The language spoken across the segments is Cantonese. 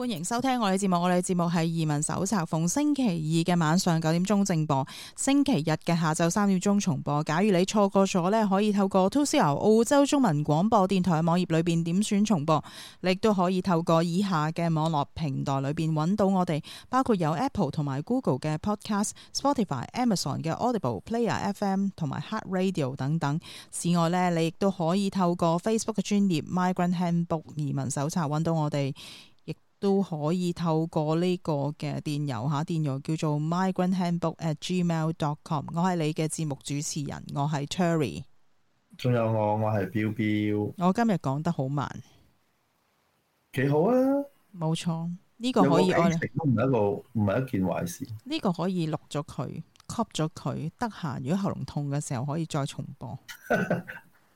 歡迎收聽我哋嘅節目。我哋嘅節目係移民手冊，逢星期二嘅晚上九點鐘正播，星期日嘅下晝三點鐘重播。假如你錯過咗呢，可以透過 2CR 澳洲中文廣播電台嘅網頁裏邊點選重播。你亦都可以透過以下嘅網絡平台裏邊揾到我哋，包括有 Apple 同埋 Google 嘅 Podcast、Spotify、Amazon 嘅 Audible、Player FM 同埋 Heart Radio 等等。此外呢，你亦都可以透過 Facebook 嘅專頁 Migrant Handbook 移民手冊揾到我哋。都可以透過呢個嘅電郵吓，電郵叫做 migranthandbook@gmail.com。我係你嘅節目主持人，我係 Tury。仲有我，我係彪彪。我今日講得好慢，幾好啊！冇錯，呢、這個可以有有我疫情都唔係一個唔係一件壞事。呢個可以錄咗佢，cut 咗佢。得閒如果喉嚨痛嘅時候，可以再重播。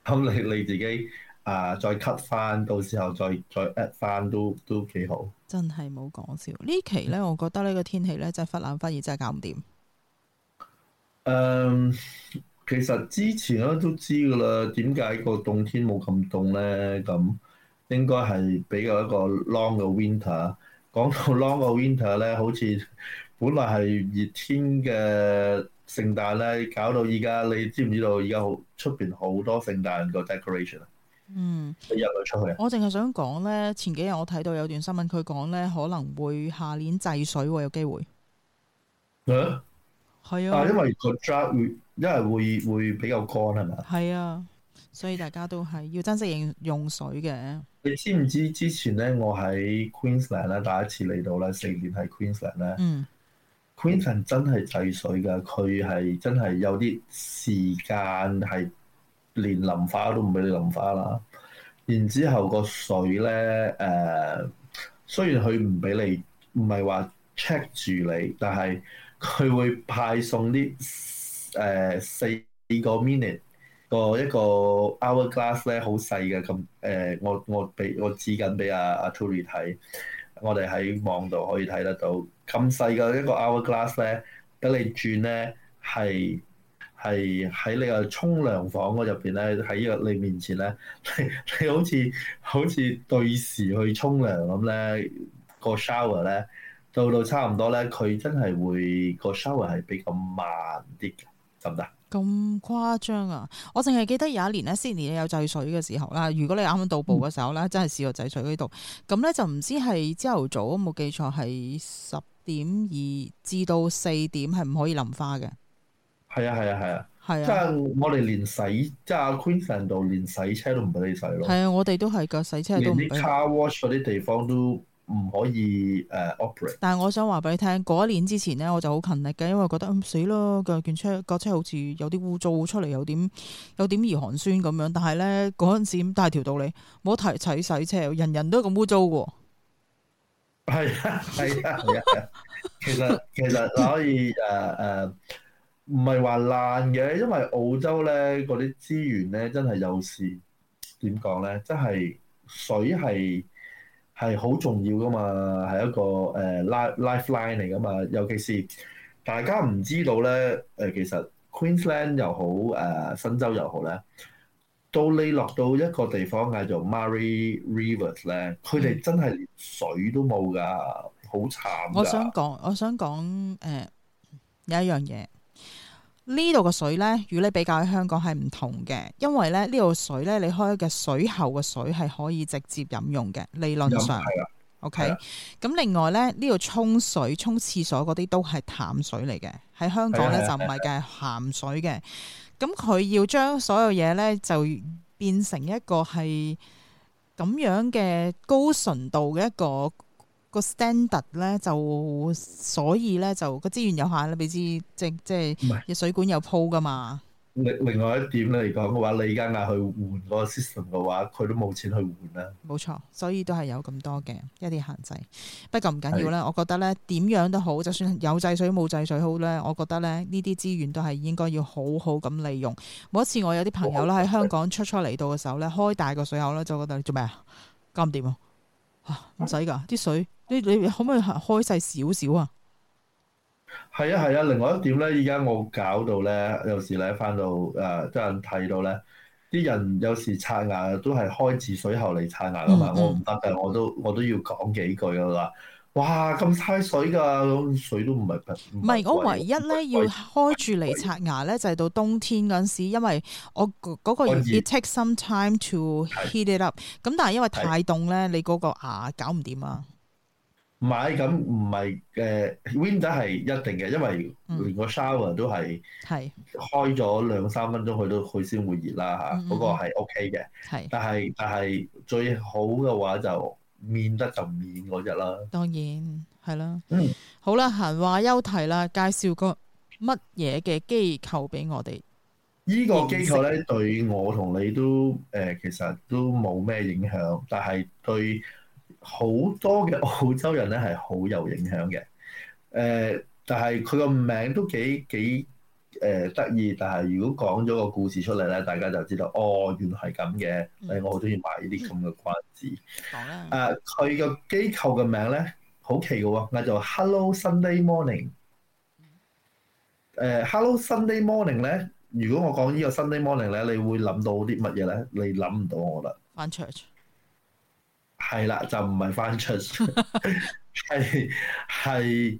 咁你 你自己。啊！再 cut 翻，到時候再再 at 翻都都幾好。真係冇講笑期呢期咧，我覺得呢個天氣咧，真係忽冷忽熱，真係搞唔掂。誒，其實之前咧都知㗎喇，點解個冬天冇咁凍咧？咁應該係比較一個 long 嘅 winter。講到 long 嘅 winter 咧，好似本來係熱天嘅聖誕咧，搞到而家你知唔知道？而家好出邊好多聖誕個 decoration 啊！嗯，我淨係想講咧，前幾日我睇到有段新聞，佢講咧可能會下年制水喎，有機會。啊，係啊。啊，因為 c o n 會，因為會會比較乾係咪？係啊，所以大家都係要珍惜用用水嘅。嗯、你知唔知之前咧，我喺 Queensland 咧第一次嚟到咧，四年喺 Queensland 咧、嗯、，Queensland 真係制水噶，佢係真係有啲時間係。連淋花都唔俾你淋花啦，然之後個水咧，誒、呃、雖然佢唔俾你，唔係話 check 住你，但係佢會派送啲誒四個 minute 個一個 hourglass 咧，好細嘅咁誒，我我俾我指緊俾阿阿 Tury 睇，我哋喺網度可以睇得到咁細嘅一個 hourglass 咧，等你轉咧係。係喺你個沖涼房嗰入邊咧，喺你面前咧， 你好似好似對時去沖涼咁咧，個 shower 咧到到差唔多咧，佢真係會、個 shower 係比較慢啲嘅，得唔得？咁誇張啊！我淨係記得有一年咧，新年有制水嘅時候啦，如果你啱啱到步嘅時候咧，嗯、真係試過制水嗰度，咁咧就唔知係朝頭早，冇記錯係十點二至到四點係唔可以淋花嘅。係啊，係啊，係啊，即係我哋連洗即係 Queensland 度連洗車都唔俾你洗咯。係啊，我哋都係噶洗車連啲 car wash 嗰啲地方都唔可以誒 operate。但係我想話俾你聽，嗰一年之前咧，我就好勤力嘅，因為覺得嗯死咯，嗰件車、嗰架車好似有啲污糟出嚟，有點有點兒寒酸咁樣。但係咧嗰陣時，咁大條道理冇得提，洗洗車，人人都咁污糟嘅。係啊，係啊，其實其實可以誒誒。Uh, uh, 唔係話爛嘅，因為澳洲咧嗰啲資源咧，真係有時點講咧，真係水係係好重要噶嘛，係一個誒、呃、life lifeline 嚟噶嘛。尤其是大家唔知道咧誒、呃，其實 Queensland 又好誒、呃，新州又好咧，到你落到一個地方嗌做 Mary Rivers 咧，佢哋真係連水都冇㗎，好慘、嗯！我想講，我想講誒有一樣嘢。呢度嘅水呢，與你比較喺香港係唔同嘅，因為呢呢度水呢，你開嘅水喉嘅水係可以直接飲用嘅，理論上，OK、嗯。咁、嗯嗯、另外呢，呢度沖水、沖廁所嗰啲都係淡水嚟嘅，喺香港呢、嗯嗯嗯、就唔係嘅鹹水嘅。咁佢要將所有嘢呢，就變成一個係咁樣嘅高純度嘅一個。個 standard 咧就，Standard，所以咧就個資源有限啦，你知即即係水管有鋪噶嘛。另外一點嚟講嘅話，你而家嗌佢換嗰個 system 嘅話，佢都冇錢去換啦。冇錯，所以都係有咁多嘅一啲限制。不過唔緊要啦，是我覺得咧點樣都好，就算有制水冇制水好咧，我覺得咧呢啲資源都係應該要好好咁利用。每一次我有啲朋友咧喺香港出出嚟到嘅時候咧，開，開大個水口咧就覺得做咩啊？搞唔掂啊！唔使噶，啲水你你可唔可以開細少少啊？係啊係啊，另外一點咧，而家我搞到咧，有時咧翻到誒，即係睇到咧，啲人有時刷牙都係開自來水喉嚟刷牙噶嘛，我唔得嘅，我都我都要講幾句噶啦。哇，咁嘥水㗎，水都唔係唔係。我唯一咧水要開住嚟刷牙咧，就係、是、到冬天嗰陣時，因為我嗰、那個 it take some time to heat it up 是。咁但係因為太凍咧，是你嗰個牙搞唔掂啊。唔係，咁唔係嘅 winter 係一定嘅，因為連個 shower 都係係開咗兩三分鐘，佢都佢先會熱啦吓。是嗯、個係 OK 嘅，係是是。但係但係最好嘅話就。面得就面嗰日啦，當然係啦。嗯， 好啦，閒話休提啦，介紹個乜嘢嘅機構俾我哋？呢個機構咧，對我同你都誒、呃，其實都冇咩影響，但係對好多嘅澳洲人咧，係好有影響嘅。誒、呃，但係佢個名都幾幾。誒、呃、得意，但係如果講咗個故事出嚟咧，大家就知道哦，原來係咁嘅。所、嗯哎、我好中意買呢啲咁嘅關子。講啦、嗯，誒佢個機構嘅名咧好奇嘅喎，嗌做 Hello Sunday Morning。誒、呃、Hello Sunday Morning 咧，如果我講呢個 Sunday Morning 咧，你會諗到啲乜嘢咧？你諗唔到我啦。返 Church 係啦，就唔係返 Church，係係。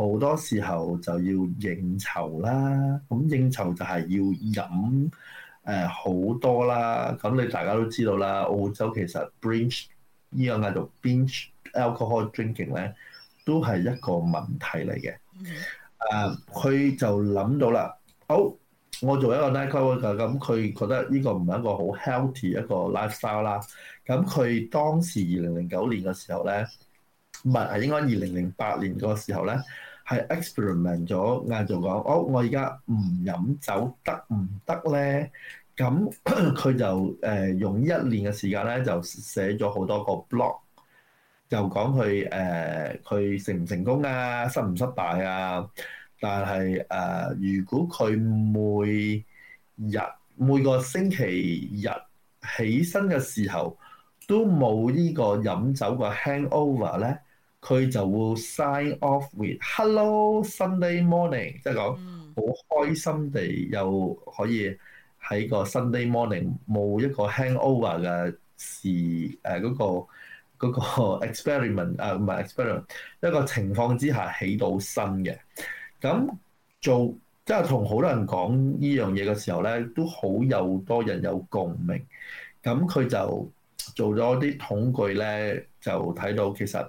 好多時候就要應酬啦，咁應酬就係要飲誒好多啦。咁你大家都知道啦，澳洲其實 binge 依個叫做 binge alcohol drinking 咧，都係一個問題嚟嘅。誒、mm，佢、hmm. 啊、就諗到啦。好，我做一個 alcohol 嘅，咁佢覺得呢個唔係一個好 healthy 一個 lifestyle 啦。咁佢當時二零零九年嘅時候咧，唔係應該二零零八年個時候咧。係 experiment 咗，晏晝講，好、哦、我而家唔飲酒得唔得咧？咁佢 就誒、呃、用一年嘅時間咧，就寫咗好多個 blog，就講佢誒佢成唔成功啊，失唔失敗啊？但係誒、呃，如果佢每日每個星期日起身嘅時候都冇呢個飲酒個 hangover 咧？佢就會 sign off with Hello Sunday Morning，即係講好開心地又可以喺個 Sunday morning 冇一個，個 hangover 嘅事誒嗰、啊嗰個嗰、嗰個 experiment 啊唔係 experiment 一個情況之下起到身嘅。咁做即係同好多人講呢樣嘢嘅時候咧，都好有多人有共鳴。咁佢就做咗啲統計咧，就睇到其實。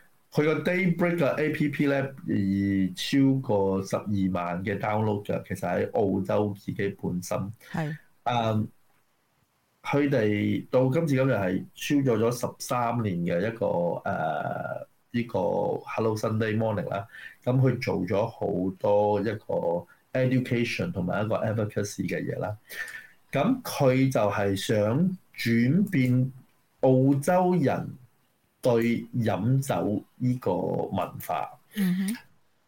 佢個 Daybreak 嘅 A P P 咧，而超過十二萬嘅 download 嘅，其實喺澳洲自己本身。係是。誒，佢哋到今次今日係超咗咗十三年嘅一個誒呢、uh, 個 Hello Sunday Morning 啦，咁、嗯、佢做咗好多一個 education 同埋一個 advocacy 嘅嘢啦。咁、嗯、佢就係想轉變澳洲人。對飲酒呢個文化，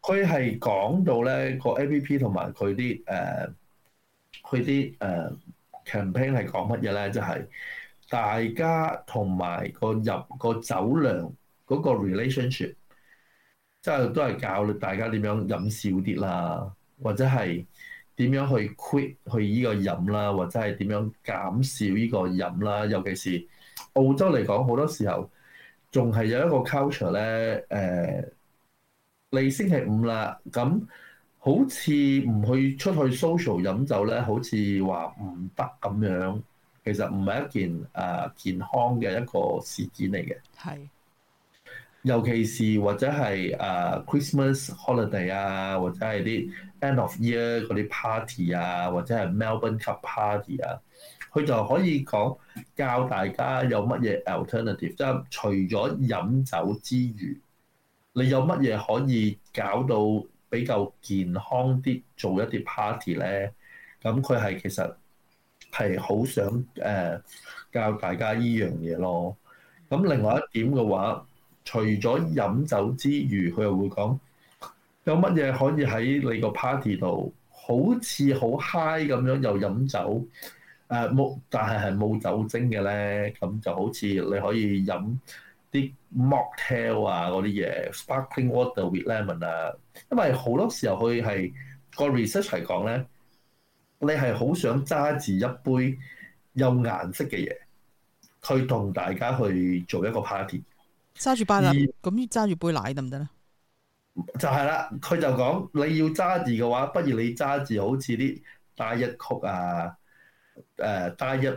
佢係講到咧個 app 同埋佢啲、呃、誒佢啲誒、呃、campaign 係講乜嘢咧？就係、是、大家同埋個飲個酒量嗰個 relationship，即係都係教大家樣點樣飲少啲啦，或者係點樣去 quit 去呢個飲啦，或者係點樣減少呢個飲啦。尤其是澳洲嚟講，好多時候。仲係有一個 culture 咧，誒、呃，嚟星期五啦，咁好似唔去出去 social 飲酒咧，好似話唔得咁樣。其實唔係一件誒、呃、健康嘅一個事件嚟嘅。係是，尤其是或者係誒、呃、Christmas holiday 啊，或者係啲 end of year 嗰啲 party 啊，或者係 Melbourne Cup party 啊。佢就可以講教大家有乜嘢 alternative，即係除咗飲酒之餘，你有乜嘢可以搞到比較健康啲做一啲 party 咧？咁佢係其實係好想誒、呃、教大家依樣嘢咯。咁另外一點嘅話，除咗飲酒之餘，佢又會講有乜嘢可以喺你個 party 度好似好 high 咁樣又飲酒。誒冇，但係係冇酒精嘅咧，咁就好似你可以飲啲 mocktail 啊嗰啲嘢，sparkling water with lemon 啊。因為好多時候佢係個 research 嚟講咧，你係好想揸住一杯有顏色嘅嘢去同大家去做一個 party 揸住杯啊，咁揸住杯奶得唔得咧？就係啦，佢就講你要揸住嘅話，不如你揸住好似啲 Diet Coke 啊。誒，帶入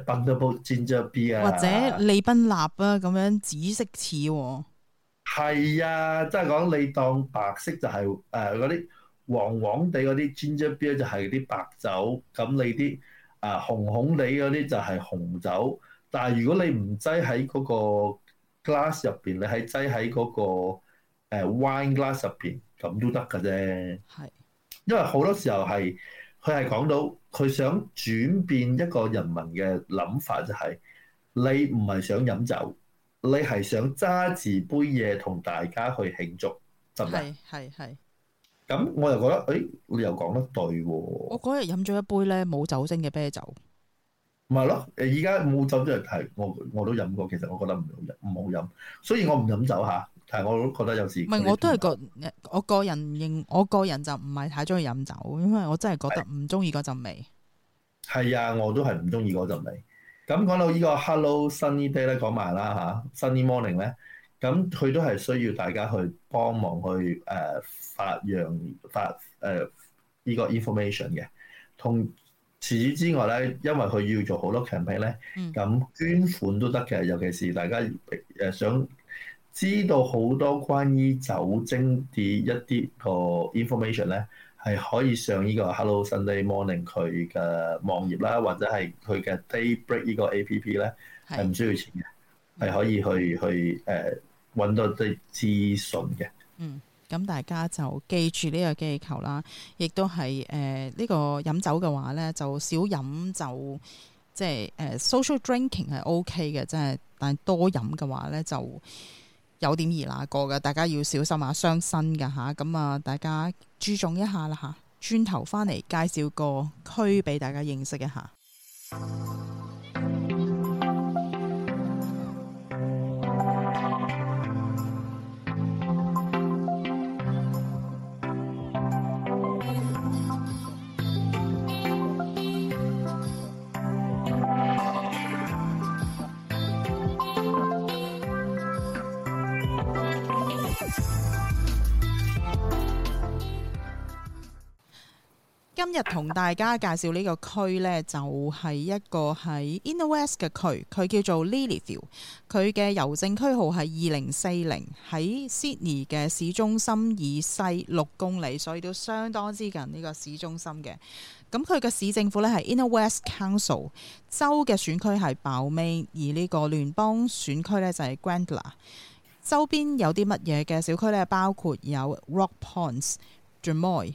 ginger beer 啊，或者利賓納啊，咁樣紫色似、哦，係啊，即係講你當白色就係誒嗰啲黃黃地嗰啲，ginger beer 就係啲白酒，咁你啲啊、呃、紅紅地嗰啲就係紅酒。但係如果你唔擠喺嗰個 glass 入邊，你喺擠喺嗰個誒 wine glass 入邊，咁都得㗎啫。係是，因為好多時候係。佢係講到佢想轉變一個人民嘅諗法，就是，就係你唔係想飲酒，你係想揸住杯嘢同大家去慶祝，得唔得？係係係，咁我又覺得，誒你又講得對喎，哦。我嗰日飲咗一杯咧冇酒精嘅啤酒。咪咯，誒而家冇酒精係我我都飲過，其實我覺得唔好飲，唔好飲，所以我唔飲酒嚇。啊。但我都覺得有時唔係我都係覺，我個人認，我個人就唔係太中意飲酒，因為我真係覺得唔中意嗰陣味。係啊，我都係唔中意嗰陣味。咁講到呢個 Hello Sunday Day 咧，講、啊、埋啦嚇 Sunday Morning 咧，咁佢都係需要大家去幫忙去誒、呃、發揚發誒依、呃這個 information 嘅。同除此之外咧，因為佢要做好多 campaign 咧，咁捐款都得嘅，尤其是大家誒想。知道好多關於酒精嘅一啲個 information 咧，係可以上呢個 Hello Sunday Morning 佢嘅網頁啦，或者係佢嘅 Daybreak 呢個 APP 咧，係唔需要錢嘅，係、嗯、可以去、嗯、去誒揾、呃、到啲資訊嘅。嗯，咁大家就記住呢個機構啦，亦都係誒呢個飲酒嘅話咧，就少飲就即係誒 social drinking 係 OK 嘅，即係但係多飲嘅話咧就。有點易拿過噶，大家要小心啊，傷身噶吓，咁啊大家注重一下啦吓，轉頭翻嚟介紹個區俾大家認識一下。今日同大家介紹呢個區呢就係、是、一個喺 Inner West 嘅區，佢叫做 Lilyfield，佢嘅郵政區號係二零四零，喺 Sydney 嘅市中心以西六公里，所以都相當之近呢個市中心嘅。咁佢嘅市政府呢係 Inner West Council，州嘅選區係 Balmain，而呢個聯邦選區呢就係、是、Grayndler。周邊有啲乜嘢嘅小區呢，包括有 Rock Points、Jamoy。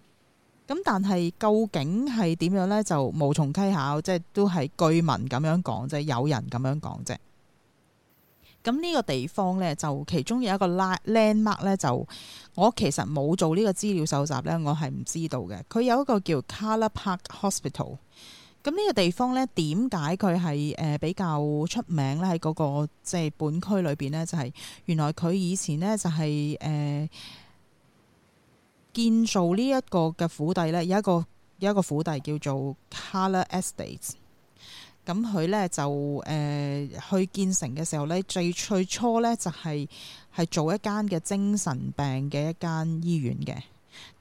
咁但係究竟係點樣呢？就無從稽考，即係都係據聞咁樣講啫，有人咁樣講啫。咁呢個地方呢，就其中有一個 landmark 呢，就我其實冇做呢個資料搜集呢，我係唔知道嘅。佢有一個叫 Callan Park Hospital。咁呢個地方呢，點解佢係誒比較出名咧？喺嗰個即係本區裏邊呢，就係、係、原來佢以前呢、就係，就係誒。建造呢一個嘅府邸呢，有一個有一個府邸叫做 Color Estates。咁佢呢就誒去建成嘅時候呢，最最初呢就係、是、係做一間嘅精神病嘅一間醫院嘅。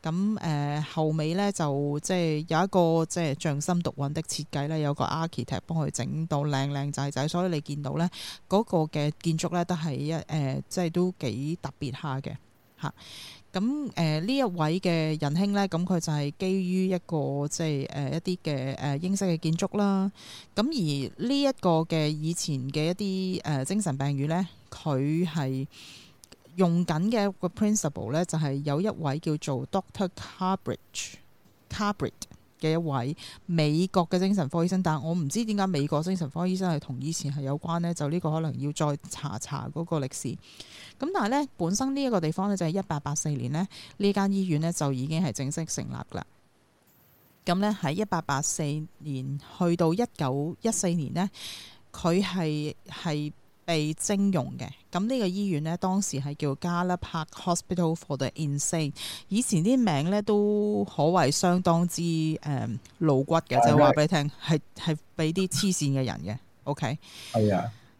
咁、呃、誒後尾呢，就即、是、係有一個即係匠心獨運的設計呢，有個 architect 幫佢整到靚靚仔仔，所以你見到呢嗰、那個嘅建築呢，呃、都係一誒，即係都幾特別下嘅嚇。嗯咁誒呢一位嘅仁兄呢，咁佢就係基於一個即係誒一啲嘅誒英式嘅建築啦。咁而呢一個嘅以前嘅一啲誒精神病院呢，佢係用緊嘅一個 principle 呢，就係有一位叫做 Doctor Carbridge Carbridge。嘅一位美國嘅精神科醫生，但係我唔知點解美國精神科醫生係同以前係有關咧，就呢個可能要再查查嗰個歷史。咁但係咧，本身呢一個地方咧，就係一八八四年咧，呢間醫院咧就已經係正式成立啦。咁咧喺一八八四年去到一九一四年咧，佢係係。被徵用嘅，咁呢個醫院呢，當時係叫 Callan Park Hospital for the Insane，以前啲名呢，都可謂相當之誒露、嗯、骨嘅， 就話俾你聽，係係俾啲黐線嘅人嘅，OK？係啊。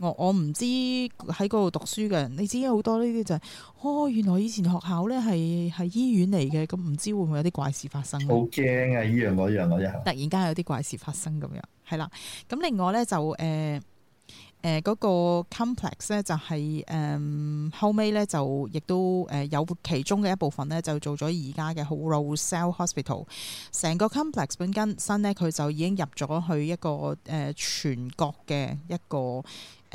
我我唔知喺嗰度讀書嘅人，你知好多呢啲就係、是，哦，原來以前學校呢係係醫院嚟嘅。咁唔知會唔會有啲怪事發生？好驚啊！依樣嗰樣嗰一突然間有啲怪事發生咁樣，係啦。咁另外呢，就誒誒嗰個 complex 呢，就係、是、誒、呃、後尾呢，就亦都誒有其中嘅一部分呢，就做咗而家嘅 Rozelle Hospital，成個 complex 本身呢，佢就已經入咗去一個誒、呃、全國嘅一個。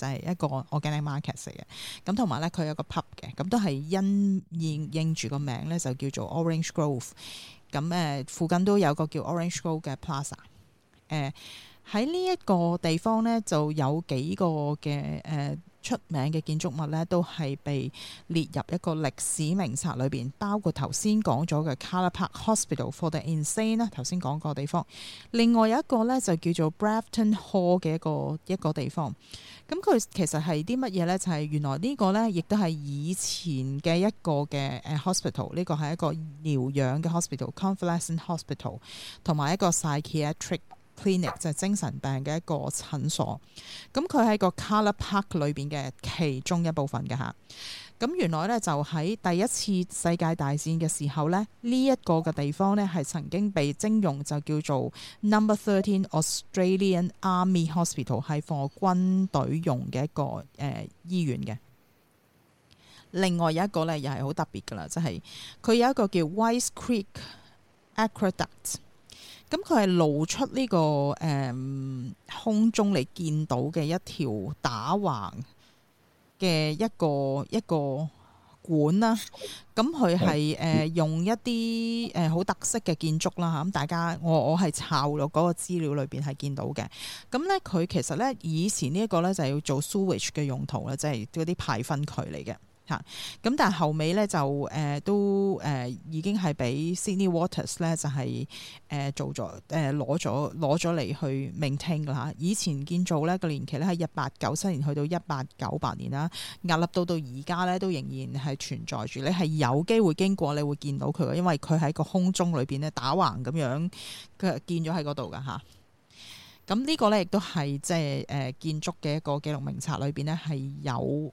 就係一個 organic market 嚟嘅。咁，同埋咧佢有，呢有個 pub 嘅。咁，都係因應應住個名咧就叫做 Orange Grove。咁、呃、誒，附近都有個叫 Orange Grove 嘅 plaza 喺、呃、呢一個地方咧就有幾個嘅誒。呃出名嘅建築物呢，都係被列入一個歷史名冊裏邊，包括頭先講咗嘅 Callan Park Hospital for the Insane 啦，頭先講個地方。另外有一個呢，就叫做 Broughton Hall 嘅一個一個地方。咁佢其實係啲乜嘢呢？就係、是、原來呢個呢，亦都係以前嘅一個嘅誒、uh, hospital，呢個係一個療養嘅 hospital，convalescent hospital，同埋一個 psychiatric。clinic 就係精神病嘅一個診所，咁佢喺個 Callan Park 裏邊嘅其中一部分嘅吓，咁原來咧就喺第一次世界大戰嘅時候咧，呢、這、一個嘅地方咧係曾經被徵用，就叫做 Number Thirteen Australian Army Hospital，係 for 軍隊用嘅一個誒、呃、醫院嘅。另外有一個咧又係好特別噶啦，即係佢有一個叫 Wise Creek Aqueduct Ac。咁佢係露出呢、呢個誒、呃、空中你見到嘅一條打橫嘅一個一個管啦。咁佢係誒用一啲誒好特色嘅建築啦嚇。咁大家，我我係抄落嗰個資料裏邊係見到嘅。咁咧佢其實咧以前呢一個咧就係要做 sewage 嘅用途啦，即係嗰啲排分渠嚟嘅。咁但係後尾咧就誒都誒已經係俾 Sydney Waters 咧就係、是、誒、呃、做咗誒攞咗攞咗嚟去 maintain 噶吓，以前建造咧個年期咧係一八九七年去到一八九八年啦，屹立到到而家咧都仍然係存在住，你係有機會經過你會見到佢嘅，因為佢喺個空中裏邊咧打橫咁樣嘅、嗯，這個、建咗喺嗰度噶吓。咁呢個咧亦都係即係誒建築嘅一個紀錄名冊裏邊咧係有。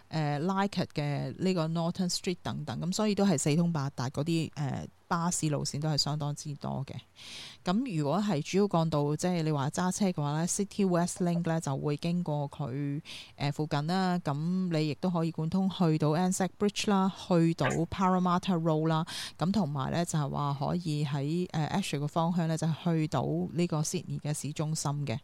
l 誒 Leichhardt 嘅呢個 Norton Street 等等，咁、嗯、所以都係四通八達嗰啲誒。呃巴士路線都係相當之多嘅，咁如果係主要幹道，即係你話揸車嘅話咧，City West Link 咧就會經過佢誒附近啦，咁你亦都可以貫通去到 Anzac Bridge 啦，去到 Parramatta Road 啦，咁同埋呢就係話可以喺誒 Ashfield 嘅方向呢，就去到呢個 Sydney 嘅市中心嘅。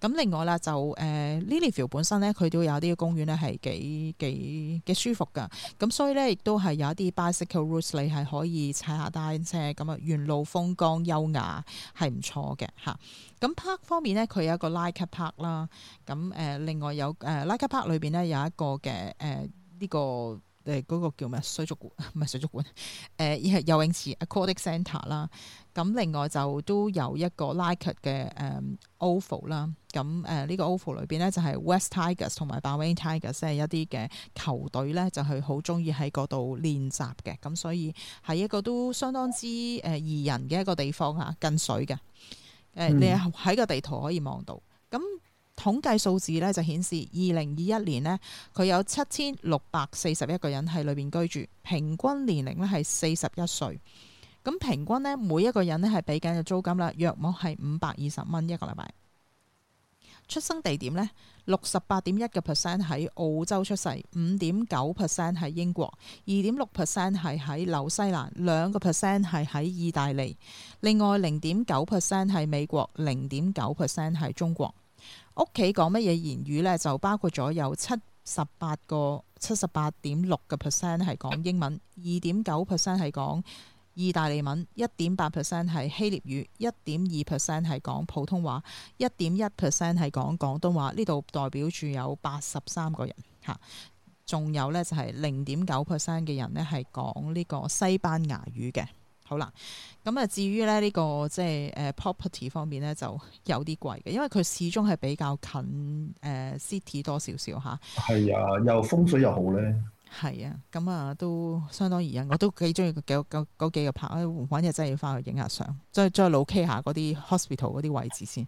咁另外啦就誒、呃、Lilyfield 本身呢，佢都有啲公園呢，係幾幾嘅舒服㗎，咁所以呢，亦都係有一啲 Bicycle Routes 你係可以踩下單單車咁啊，沿路風光優雅係唔錯嘅嚇。咁、啊、park 方面咧，佢有一個 lake park 啦。咁、呃、誒，另外有誒、呃、lake park 裏邊咧有一個嘅誒呢個誒嗰、呃那個叫咩水族館？唔 係水族館，誒而係游泳池 aquatic centre 啦。咁另外就都有一個 l i k e 嘅誒 Oval 啦，咁誒呢個 Oval 裏邊咧就係 West Tigers 同埋 Balmain Tigers，即係一啲嘅球隊咧就係好中意喺嗰度練習嘅，咁所以係一個都相當之誒宜人嘅一個地方嚇，近水嘅。誒你喺個地圖可以望到。咁、嗯、統計數字咧就顯示，二零二一年呢，佢有七千六百四十一個人喺裏邊居住，平均年齡咧係四十一歲。咁平均呢，每一個人呢係俾緊嘅租金啦，約莫係五百二十蚊一個禮拜。出生地點呢，六十八點一個 percent 喺澳洲出世，五點九 percent 喺英國，二點六 percent 係喺紐西蘭，兩個 percent 係喺意大利，另外零點九 percent 係美國，零點九 percent 係中國。屋企講乜嘢言語呢？就包括咗有七十八個七十八點六個 percent 係講英文，二點九 percent 係講意大利文，一點八 percent 係希臘語，一點二 percent 係講普通話，一點一 percent 係講廣東話。呢度代表住有八十三個人嚇，仲有咧就係零點九 percent 嘅人咧係講呢個西班牙語嘅。好啦，咁啊至於咧、這、呢個即係誒、uh, property 方面咧就有啲貴嘅，因為佢始終係比較近誒、uh, city 多，多少少嚇。係啊，啊，又風水又好咧。嗯係啊，咁啊都相當宜人，我都幾中意嗰個幾個拍啊，揾日真係要翻去影下相，再再老 K 下嗰啲 hospital 嗰啲位置先。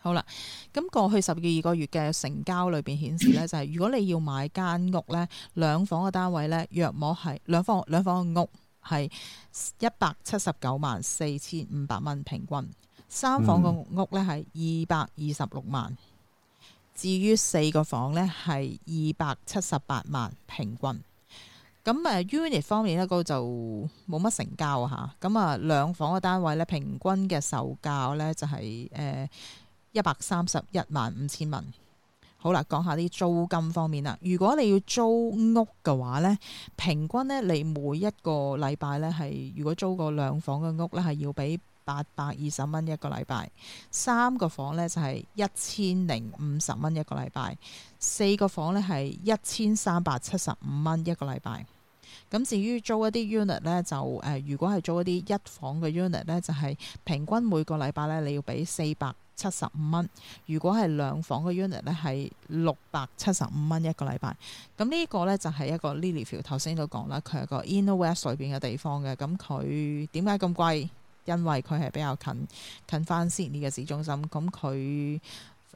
好啦，咁過去十二個月嘅成交裏邊顯示呢、就係，就係 如果你要買間屋呢，兩房嘅單位呢，若果係兩房兩房嘅屋係一百七十九萬四千五百蚊平均，三房嘅屋呢係二百二十六萬。嗯至於四個房咧，係二百七十八萬平均。咁誒，呃，unit 方面咧，嗰個就冇乜成交嚇。咁啊，呃，兩房嘅單位咧，平均嘅售價咧就係誒一百三十一萬五千蚊。好啦，講下啲租金方面啦。如果你要租屋嘅話咧，平均咧，你每一個禮拜咧係如果租個兩房嘅屋咧，係要俾八百二十蚊一個禮拜，三個房咧就係一千零五十蚊一個禮拜，四個房咧係一千三百七十五蚊一個禮拜。咁至於租一啲 unit 咧，就、呃、誒，如果係租一啲一房嘅 unit 咧，就係平均每個禮拜咧你要俾四百七十五蚊。如果係兩房嘅 unit 咧，係六百七十五蚊一個禮拜。咁呢個咧就係、是、一個 Lilyfield，頭先都講啦，佢係個 Inner West 裏邊嘅地方嘅。咁佢點解咁貴？因為佢係比較近近翻悉尼嘅市中心，咁佢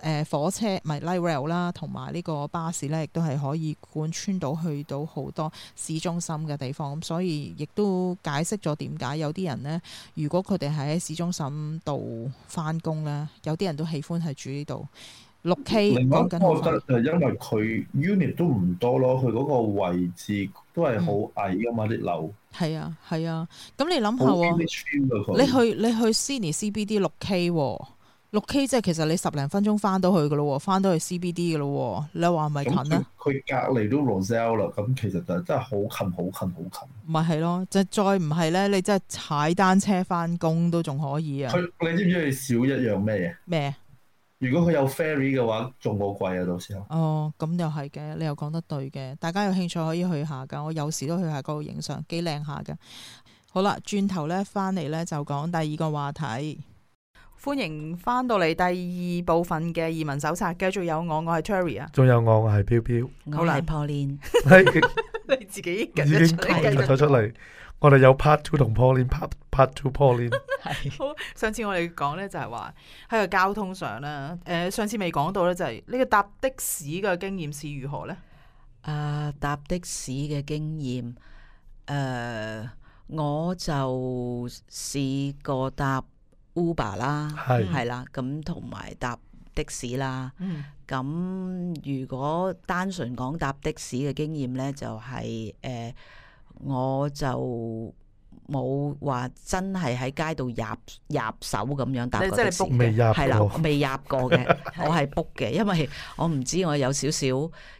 誒火車咪 light rail 啦，同埋呢個巴士咧，亦都係可以貫穿到去到好多市中心嘅地方，咁所以亦都解釋咗點解有啲人咧，如果佢哋係喺市中心度翻工咧，有啲人都喜歡係住呢度六 K。另外，我覺得因為佢 unit 都唔多咯，佢嗰個位置都係好矮噶嘛，啲樓、嗯。係啊，係啊，咁、嗯、你諗下、啊你，你去你去 Sydney C B D 六 K，六、哦、K 即係其實你十零分鐘翻到去噶咯，翻到去 C B D 噶咯，你話係咪近啊？佢隔籬都 Roselle 啦，咁其實就真係好近，好近，好近。咪係咯，就再唔係咧，你真係踩單車翻工都仲可以啊。你知唔知少一樣咩嘢？咩？如果佢有 fairy 嘅話，仲冇貴啊！到時候、啊、哦，咁又係嘅，你又講得對嘅，大家有興趣可以去下噶，我有時都去下嗰度影相，幾靚下噶。好啦，轉頭咧，翻嚟咧就講第二個話題，歡迎翻到嚟第二部分嘅移民手冊，繼續有我，我係 Terry 啊，仲有我，我係飄飄，好係 Pauline，你自己擠咗出嚟。 我哋有 part two 同 Pauline，part part two Pauline。係。好，上次我哋講咧就係話喺個交通上啦。誒、呃，上次未講到咧就係、是、呢個搭的士嘅經驗是如何咧？啊、呃，搭的士嘅經驗，誒、呃，我就試過搭 Uber 啦，係係是啦，咁同埋搭的士啦。咁、嗯、如果單純講搭的士嘅經驗咧，就係、是、誒。呃我就冇話真係喺街度入入手咁樣的的，但係即係 book 未入，係喇，未入過嘅，我係 book 嘅，因為我唔知我有少少，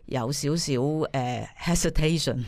有少少誒、呃、hesitation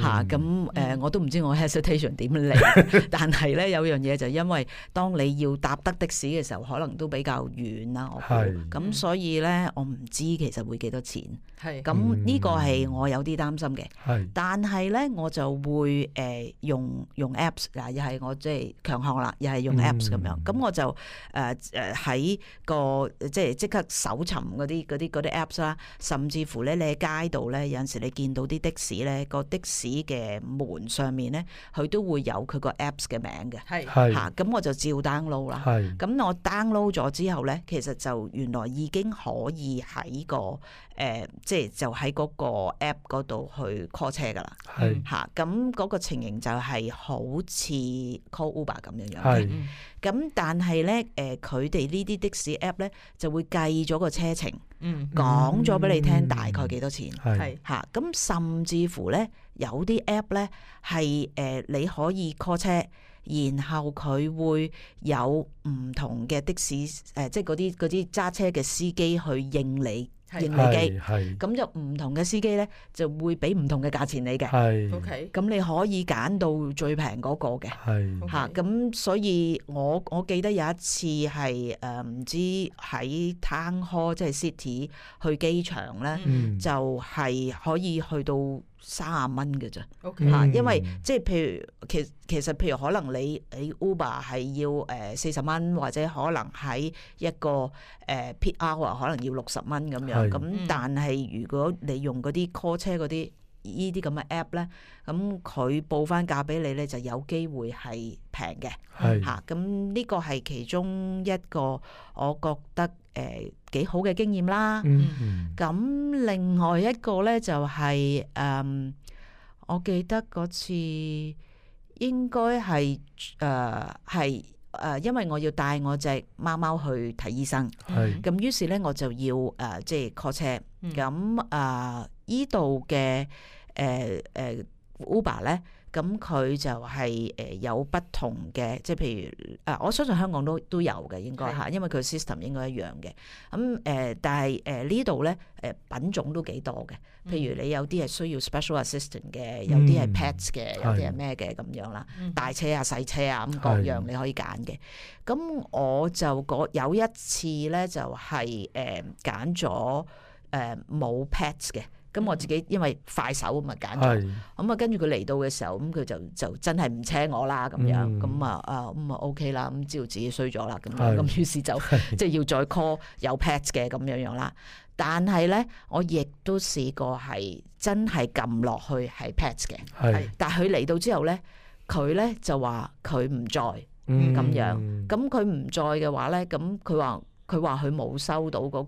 吓咁誒、嗯啊呃、我都唔知我 hesitation 點嚟，嗯、但係咧 有樣嘢就因為當你要搭得的士嘅時候，可能都比較遠啦是，我咁所以咧，我唔知其實會幾多錢。係咁呢個係我有啲擔心嘅。係是，但係咧我就會誒、呃、用用 apps 嗱，又係我即係強項啦，又係用 apps 咁樣咁、嗯、我就誒誒喺個即係即刻搜尋啲啲啲 apps 啦，甚至乎咧你街度咧，有陣時你見到啲的士咧，個的士嘅門上面咧，佢都會有佢個 apps 嘅名嘅，係是，吓、啊，咁我就照 download 啦，咁是我 download 咗之後咧，其實就原來已經可以喺個。誒、呃，即係就喺嗰個 app 嗰度去 call 車噶啦，嚇咁嗰個情形就係好似 call Uber 咁樣樣嘅。咁是、啊、但係咧，誒佢哋呢啲的士 app 咧就會計咗個車程，嗯、講咗俾你聽大概幾多錢，係嚇咁甚至乎咧有啲 app 咧係誒你可以 call 車，然後佢會有唔同嘅的，的士誒、呃，即係啲嗰啲揸車嘅司機去應你。盈利機，咁就唔同嘅司機咧，就會俾唔同嘅價錢你嘅。係是，OK。咁你可以揀到最平嗰個嘅。係是，嚇 Okay.、啊。咁所以我我記得有一次係誒唔知喺 Town Hall 即係 City 去機場咧，嗯、就係可以去到。三十蚊嘅啫，吓，Okay. 因為即係譬如，其其實譬如可能你喺 Uber 係要誒四十蚊，或者可能喺一個誒 Peak Hour 可能要六十蚊咁樣，咁是但係如果你用嗰啲 call 車嗰啲。呢啲咁嘅 app 咧，咁佢報翻價俾你咧，就有機會係平嘅，嚇是。咁呢個係其中一個我覺得誒幾、呃、好嘅經驗啦。咁、嗯嗯嗯、另外一個咧就係、是、誒、呃，我記得嗰次應該係誒係誒，因為我要帶我隻貓貓去睇醫生，咁是、嗯、於是咧我就要誒即係 call 車，咁、呃、誒。就是呃呃 Uber、呢度嘅誒誒 Uber 咧，咁佢就係誒有不同嘅，即係譬如誒、啊，我相信香港都都有嘅，應該嚇，因為佢 system 應該一樣嘅。咁、嗯、誒、呃，但係誒、呃、呢度咧誒品種都幾多嘅，譬如你有啲係需要 special assistant 嘅，有啲係 pets 嘅，嗯、有啲係咩嘅咁樣啦，嗯、大車啊細車啊咁各樣，嗯、樣你可以揀嘅。咁的我就有一次咧、就係，就係誒揀咗誒冇 pets 嘅。呃咁、嗯、我自己因為快手咁啊揀咗，咁啊跟住佢嚟到嘅時候，咁佢就就真係唔車我啦咁樣，咁、嗯、啊啊咁啊 OK 啦，咁知道自己衰咗啦咁樣，咁於是就即係是要再 call 有 pat 嘅咁樣樣啦。但係咧，我亦都試過係真係撳落去係 pat 嘅，但係佢嚟到之後咧，佢咧就話佢唔在。咁、嗯、樣，咁佢唔在嘅話咧，咁佢話。佢話佢冇收到嗰、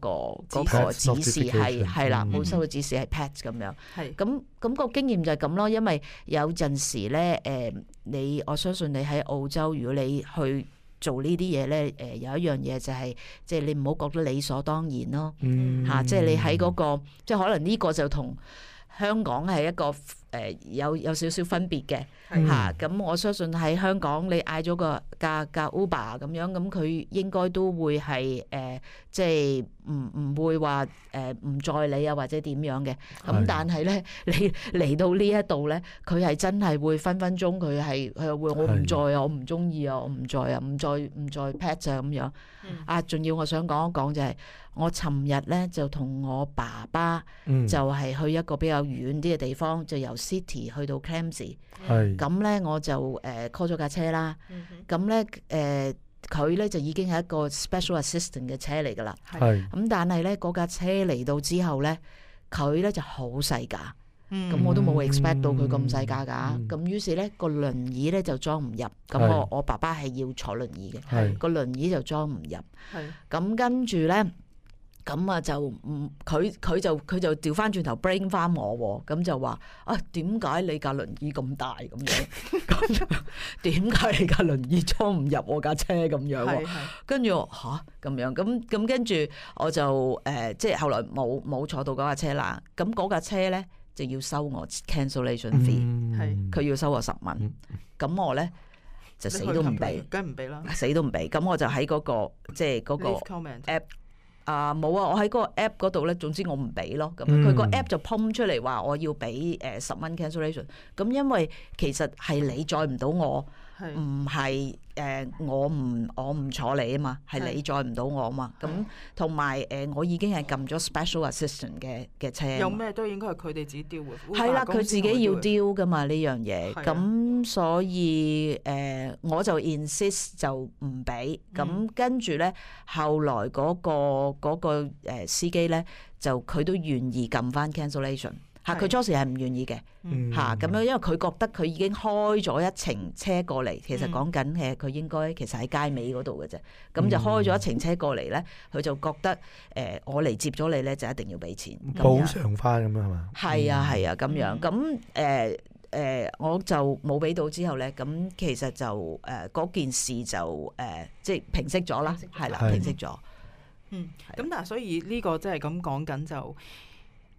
那個指示係係啦，冇、嗯、收到指示係 Pat 咁樣，咁咁、嗯、那個經驗就係咁咯。因為有陣時咧，誒、呃、你我相信你喺澳洲，如果你去做呢啲嘢咧，誒、呃、有一樣嘢就係即係你唔好覺得理所當然咯，嚇、嗯！即係、啊就是、你喺嗰、那個即係、就是、可能呢個就同香港係一個。誒、呃，有有少少分別嘅嚇，咁的、啊、我相信喺香港你嗌咗個架架 Uber 咁樣，咁佢應該都會係誒，即係唔唔會話誒唔載你啊，或者點樣嘅。咁、嗯、但係咧，你嚟到呢一度咧，佢係真係會分分鐘，佢係佢會我唔載,我在,在,在、嗯、啊，我唔中意啊，我唔載啊，唔載唔載 pet 咋咁樣。啊，仲要我想講一講就係、是，我尋日咧就同我爸爸就係去一個比較遠啲嘅地方，就由的。嗯 City 去到 Clemsey，咁咧我就誒 call 咗架車啦。咁咧誒佢咧就已經係一個 special assistant 嘅車嚟㗎啦。係是。咁、嗯、但係咧嗰架車嚟到之後咧，佢咧就好細架。嗯。咁我都冇 expect 到佢咁細架㗎。咁於是咧個輪椅咧就裝唔入。咁是我我爸爸係要坐輪椅嘅。係是。個輪椅就裝唔入。係是。咁是跟住咧。咁啊就唔佢佢就佢就調翻轉頭 bring 翻我，咁就話啊，點解你架輪椅咁大咁樣？點解 你架輪椅裝唔入我架車咁樣？跟住我吓，咁樣咁咁跟住我就誒、呃、即係後來冇冇坐到嗰架車啦。咁嗰架車咧就要收我 cancellation fee，佢、嗯、要收我十蚊。咁、嗯、我咧就死都唔俾，梗唔俾啦，死都唔俾。咁我就喺嗰、嗰個即係嗰個 Leave comment. 啊冇啊，我喺嗰個 app 嗰度咧，總之我唔俾咯，咁佢個 app 就 pop 出嚟話我要俾誒十蚊 cancellation，咁因為其實係你載唔到我。唔係誒，我唔我唔坐你啊嘛，係你載唔到我啊嘛。咁同埋誒，我已經係撳咗 Special Assistant 嘅嘅車。有咩都應該係佢哋自己丟啊。係啦，佢自己要丟㗎嘛呢的樣嘢。咁所以誒、呃，我就 insist 就唔俾。咁跟住咧，後來嗰、那個嗰、那個、司機咧，就佢都願意撳翻 cancellation。吓，佢初時係唔願意嘅，吓咁樣，因為佢覺得佢已經開咗一程車過嚟，其實講緊嘅，佢應該其實喺街尾嗰度嘅啫，咁、嗯、就開咗一程車過嚟咧，佢就覺得誒、呃，我嚟接咗你咧，就一定要俾錢補償翻咁樣係嘛？係啊係啊咁樣，咁誒誒，我就冇俾到之後咧，咁其實就誒嗰件事就誒、呃、即係平息咗啦，係啦，平息咗，嗯，咁但係所以呢個即係咁講緊就。嗯 lay ered oka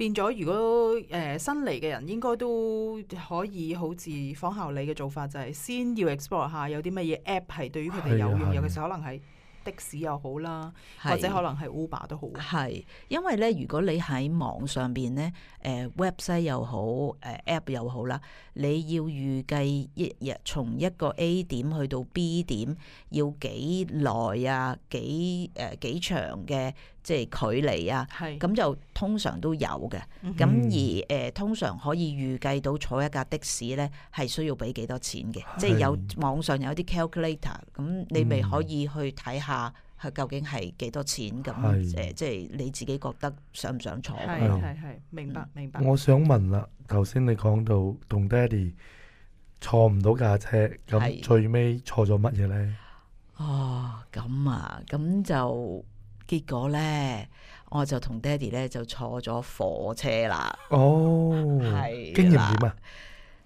變咗，如果誒、呃、新嚟嘅人應該都可以好似仿效你嘅做法，就係先要 explore 下有啲乜嘢 app 係對於佢哋有用，的尤其是可能係的士又好啦，的或者可能係 Uber 都好。係，因為咧，如果你喺網上邊咧，誒 website 又好，誒、呃、app 又好啦。你要預計一日從一個 A 點去到 B 點要幾耐啊？幾誒幾長嘅即係距離啊？咁係就通常都有嘅。咁、嗯、哼而誒、呃、通常可以預計到坐一架的士咧，係需要俾幾多錢嘅？係即係有網上有啲 calculator，咁你咪可以去睇下、嗯。係究竟係幾多錢咁？誒，即係你自己覺得想唔想坐？係係，明白明白。我想問啦，頭先你講到同爹哋坐唔到架車，咁最尾坐咗乜嘢咧？哦、啊，咁啊，咁就結果咧，我就同爹哋咧就坐咗火車啦。哦，係 是經驗點啊？誒、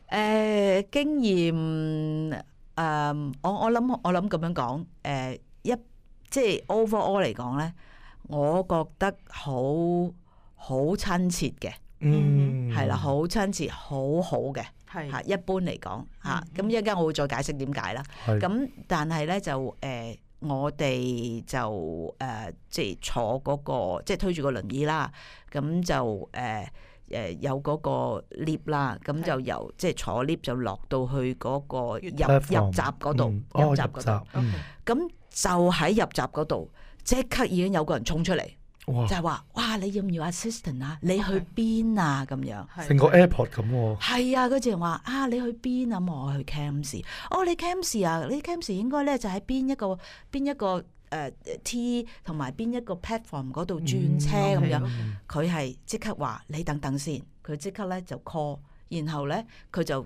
呃，經驗誒、呃，我我諗我諗咁樣講，誒、呃、一。即係 overall 嚟講咧，我覺得好好親切嘅，係、嗯、啦，好親切，好好嘅，係是。一般嚟講，吓咁、嗯啊、一陣間我會再解釋點解啦。咁是但係咧就誒、呃，我哋就誒、呃，即係坐嗰、那個，即係推住個輪椅啦。咁就誒誒、呃、有嗰個 lift 啦，咁就由即係坐 lift 就落到去嗰個入房入閘嗰度，嗯哦、入閘嗰度咁就喺入閘嗰度，即刻已經有個人衝出嚟，哇就係話：哇！你要唔要 assistant 啊？你去邊啊？咁哇樣成個 airport 咁喎。係啊，佢淨係話：啊，你去邊啊？我去 Campsie。哦，你 Campsie 啊？你 Campsie 應該咧就喺邊一個邊一個誒 T 同埋邊一個 platform 嗰度轉車咁、嗯、樣。佢係即刻話：你等等先。佢即刻咧就 call，然後咧佢就。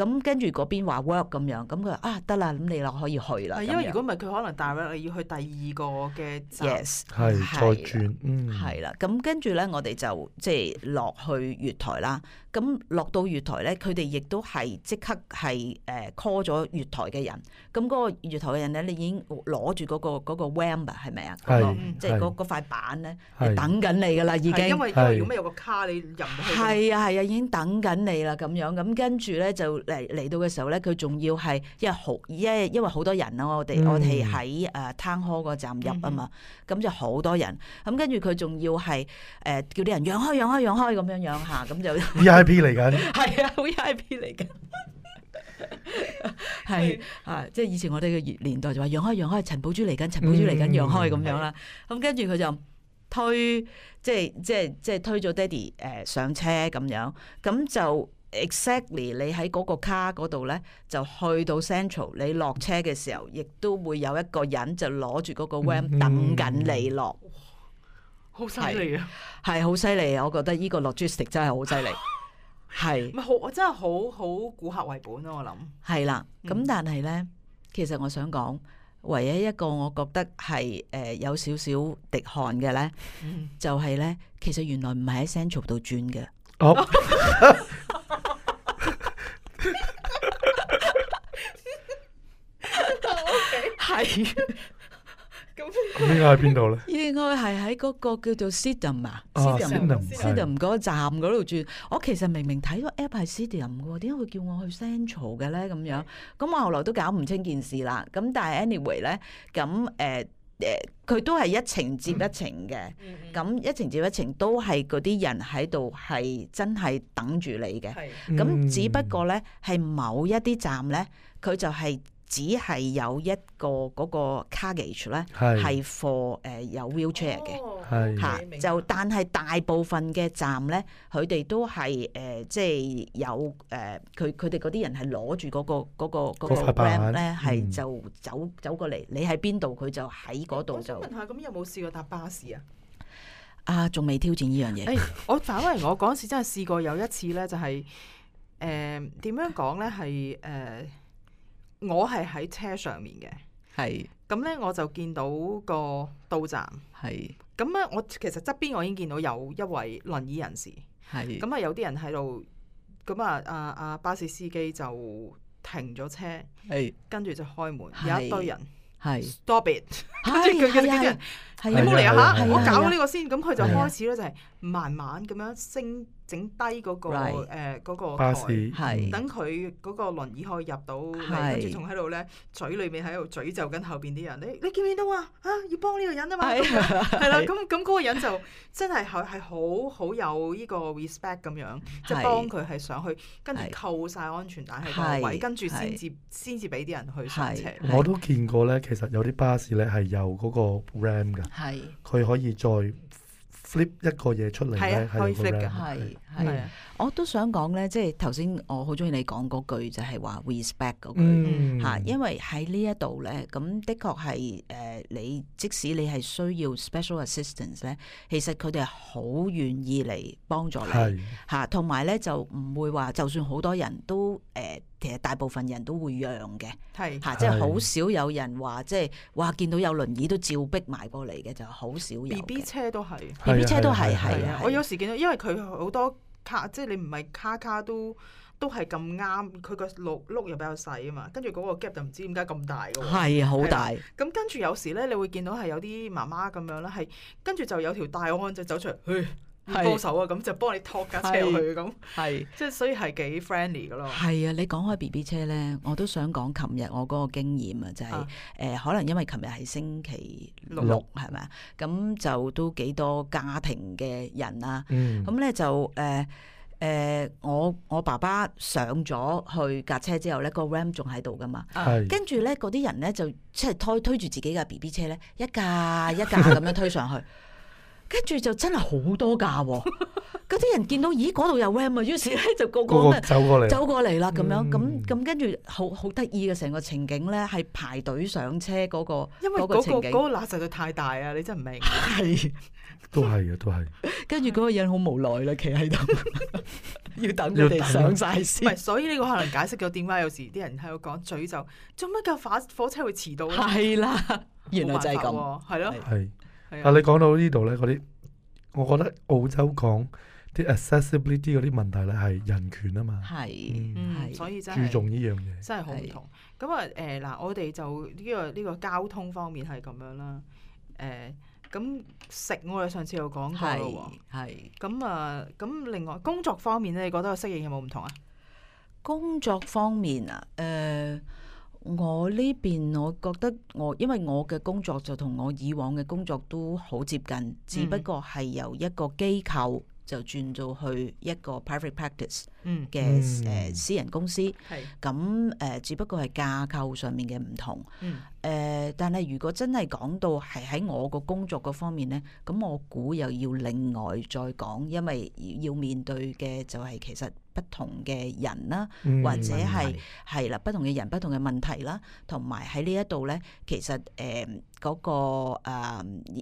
咁、嗯、跟住嗰邊話 work 咁、嗯、樣，咁佢啊得啦，咁你咯，我可以去啦。因為如果唔係佢可能大約你要去第二個嘅 yes，係再轉，係啦的。咁、嗯、跟住咧，我哋就即係落去月台啦。咁落到月台咧，佢哋亦都係即刻係誒 call 咗月台嘅人。咁嗰個月台嘅人咧，你已經攞住嗰個嗰個 ramp 係咪啊？即係嗰塊板咧，等緊你噶啦，已經。因為如果咩有個卡是，你入唔去。係啊係啊，已經等緊你啦咁樣。咁跟住咧就嚟嚟到嘅時候咧，佢仲要係因為好因因為好多人咯、啊。我哋、嗯、我哋喺誒 Town Hall 個站入啊嘛，咁、嗯嗯、就好多人。咁跟住佢仲要係誒叫啲人讓開讓開讓開咁樣樣吓，咁就。 嚟緊，係 啊，VIP 嚟緊，係 啊，即係以前我哋嘅年代就話讓開讓開，陳寶珠嚟緊，陳寶珠嚟緊，讓開咁樣啦。咁跟住佢就推，即係即係即係推咗爹哋誒上車咁樣。咁就 exactly，你喺嗰個卡嗰度咧，就去到 central，你落車嘅時候，亦都會有一個人就攞住嗰個 Ram，等緊你落、嗯嗯啊。好犀利啊！係好犀利，啊。我覺得呢個 logistic 真係好犀利。 係，好，我真係好好顧客為本咯、啊，我諗係啦。咁、嗯、但係咧，其實我想講，唯一一個我覺得係誒有少少滴汗嘅咧，嗯、就係咧，其實原來唔係喺 Central 度轉嘅。哦，我屋企係。應該喺邊度咧？應該係喺嗰個叫做 s,、um, S, 啊、S, Sydenham 啊，Sydenham，Sydenham 嗰個站嗰度轉。我其實明明睇到 app 係 Sydenham、um、嘅，點解會叫我去 Central 嘅咧？咁樣，咁 我後來都搞唔清件事啦。咁但係 anyway 咧，咁誒誒，佢、呃呃、都係一程接一程嘅。咁 一程接一程都係嗰啲人喺度，係真係等住你嘅。咁、 嗯、只不過咧，係某一啲站咧，佢就係、是。只係有一個嗰、那個 carriage 咧是，係 for 誒、呃、有 wheelchair 嘅，嚇就。但係大部分嘅站咧，佢哋都係誒、呃，即係有誒，佢佢哋嗰啲人係攞住嗰個嗰、那個嗰、那個 gram 咧，係就走走過嚟。你喺邊度，佢就喺嗰度就。問下咁有冇試過搭巴士啊？啊，仲未挑戰呢樣嘢。誒、哎，我因為我嗰時真係試過有一次咧、就是，就係誒點樣講咧，係誒。我係喺車上面嘅，係，咁咧我就見到個到站，係，咁咧我其實側邊我已經見到有一位輪椅人士，係，咁啊有啲人喺度，咁啊啊啊巴士司機就停咗車，係，跟住就開門，有一堆人，係，stop it，跟住佢嘅啲人，你唔好嚟啊吓，我搞呢個先，咁佢就開始咧就係慢慢咁樣升。整低嗰、嗰個誒嗰、right. 呃嗰個台，巴士等佢嗰個輪椅可以入到，跟住仲喺度咧嘴裏面喺度咀咒緊後邊啲人。你你見唔見到啊？啊，要幫呢個人啊嘛，係啦，咁咁嗰個人就真係係係好好有呢個 respect 咁樣，就幫佢係上去，跟住扣晒安全帶喺個位，跟住先至先至俾啲人去上車。我都見過咧，其實有啲巴士咧係有嗰個 ram 㗎，佢可以再 flip 一個嘢出嚟咧，係的可以識嘅，係。係啊，是我都想講咧，即係頭先我好中意你講嗰句，就係、是、話 respect 嗰句嚇，嗯、因為喺呢一度咧，咁的確係誒、呃，你即使你係需要 special assistance 咧，其實佢哋係好願意嚟幫助你嚇，同埋咧就唔會話，就算好多人都誒、呃，其實大部分人都會讓嘅，係嚇，即係好少有人話即係哇，見到有輪椅都照逼埋過嚟嘅，就好少有。B B 車都係，B B 車都係，係啊，我有時見到，因為佢好多。卡即係你唔係卡卡都都係咁啱，佢個碌碌又比較細啊嘛，跟住嗰個 gap 就唔知點解咁大嘅喎，係啊，好大。咁跟住有時咧，你會見到係有啲媽媽咁樣啦，係跟住就有條大案就走出嚟。歌手啊，咁是就幫你托架車去咁，係，即係所以係幾 friendly 噶咯。係啊，你講開 B B 車咧，我都想講琴日我嗰個經驗、就是、啊，就係誒，可能因為琴日係星期六係咪，咁六 就都幾多家庭嘅人啊。咁咧、嗯、就誒誒、呃呃，我我爸爸上咗去架車之後咧，個 Ram 仲喺度噶嘛。跟住咧嗰啲人咧就即係推推住自己嘅 B B 車咧，一架一架咁樣推上去。 跟住就真係好多架，嗰啲人見到，咦？嗰度有 ram 啊！於是咧就個個咧走過嚟，走過嚟啦咁樣，咁咁跟住好好得意嘅成個情景咧，係排隊上車嗰個嗰個情景。嗰個嗱，實在太大啊！你真係唔明，係都係嘅，都係。跟住嗰個人好無奈啦，企喺度要等佢哋上晒先。唔係，所以呢個可能解釋咗點解有時啲人喺度講嘴就，做乜架火火車會遲到咧？係啦，原來就係咁，係咯。啊！你講到呢度咧，嗰啲，我覺得澳洲講啲 accessibility 啲嗰啲問題咧，係人權啊嘛，係，所以真注重呢樣嘢，真係好唔同。咁啊是，誒，嗱、呃，我哋就呢、這個呢、這個交通方面係咁樣啦。誒、呃，咁食我哋上次又講過啦，係。咁啊，咁、呃、另外工作方面咧，你覺得個適應有冇唔同啊？工作方面啊，誒。呃我呢邊，我覺得我因為我嘅工作就同我以往嘅工作都好接近，只不過係由一個機構就轉做去一個 private practice。嗯嘅誒私人公司，係咁，誒只不過係架構上面嘅唔同。嗯誒、呃、但係如果真係講到係喺我個工作方面咧，咁我估又要另外再講，因為要面對嘅就係其實不同嘅人啦，嗯、或者係係啦，不同嘅人、不同嘅問題啦，同埋喺呢一度咧，其實誒、呃那個誒誒、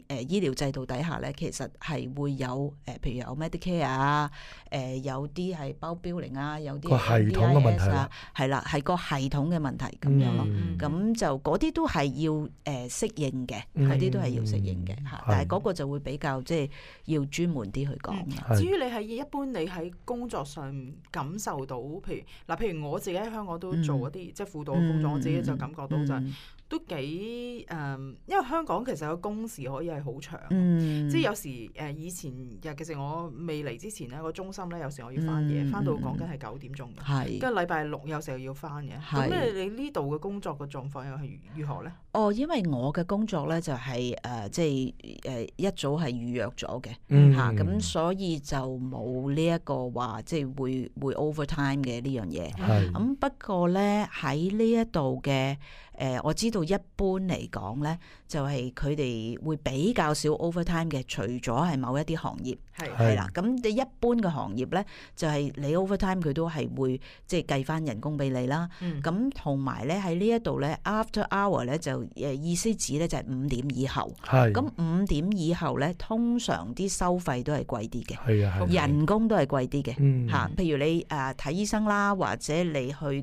呃、醫療制度底下咧，其實係會有誒譬如有 Medicare 啊、呃，誒有啲係包。啊，有啲係 b i s 啊，係啦，係個系統嘅問題咁、嗯、樣，咁就嗰啲都係要誒適、呃、應嘅，嗰啲、嗯、都係要適應嘅吓，嗯、但係嗰個就會比較、嗯、即係要專門啲去講。嗯嗯、至於你係一般，你喺工作上感受到，譬如嗱，譬如我自己喺香港都做一啲、嗯、即係輔導嘅工作，嗯、我自己就感覺到就是。嗯都幾誒、嗯，因為香港其實個工時可以係好長，um、即係有時誒以前尤其是我未嚟之前咧，個中心咧有時我要翻嘢，翻、um、到講緊係九點鐘，跟住禮拜六有時候要翻嘅。咁是你你呢度嘅工作嘅狀況又係如何咧？哦，oh, 因為我嘅工作咧就係、是、誒、呃，即係誒一早係預約咗嘅嚇，咁、 呃、所以就冇呢一個話即係會會 overtime 嘅呢樣嘢。咁是不過咧喺呢一度嘅。誒、呃、我知道一般嚟講咧，就係佢哋會比較少 overtime 嘅，除咗係某一啲行業。係係是是啦，咁、嗯、你、嗯、一般嘅行業咧，就係、是、你 overtime 佢都係會即係計翻人工俾你啦。咁同埋咧喺呢一度咧，after hour 咧就誒意思指咧就係五點以後。係是。咁五點以後咧，通常啲收費都係貴啲嘅。係啊係。人工都係貴啲嘅。嗯。譬如你誒睇、呃、醫生啦，或者你去